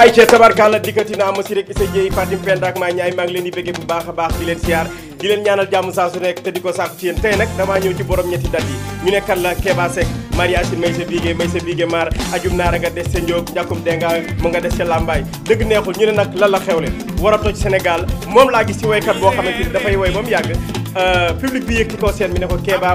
ay ca tabarkalla dikkati naa ma si rek isa jéy Fatim Penda ak maa ñaay maa ngi leen di bëggee bu baax a baax di leen siyaar di leen ñaanal jàmm saa su nekk te di ko saaku ci yéen tey nag damaa ñëw ci borom ñetti dat yi ñu ne kan la Keba Seck mariage may sa biige may sa biige maar ajum naara nga des sa njóog njàkkum denga mu nga des sa làmbaay dëgg neexul ñu ne nag lan la xewle war a toj Sénégal moom laa gis ci woykat boo xamante ni dafay woy ba mu yàgg euh, public bi yëg ci concert mi ne ko Keba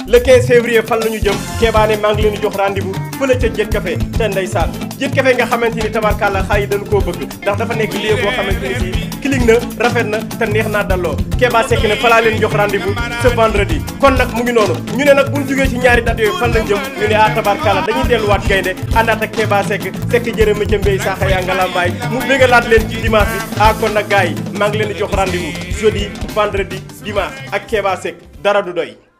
le 15 février fan la ñu jëm keebaane maa ngi leen di jox rendez-vous fële ca Jet Café te ndeysaan Jet Café nga xamante ni tabarkàlla xaar yi dañu koo bëgg ndax dafa nekk lieu boo xamante ni si kilig na rafet na te neex naa dalloo keebaa sekk ne fa laa leen jox rendez-vous ce vendredi kon nag mu ngi noonu ñu ne nag buñ jógee ci ñaari date yooyu fan lañ jëm ñu ne ah tabarkàlla dañuy delluwaat gaynde àndaat ak keebaa sekk sekk jërëma ca mbéy saaxa yaa nga lambaay mu bégalaat leen ci dimanche bi ah dara du doy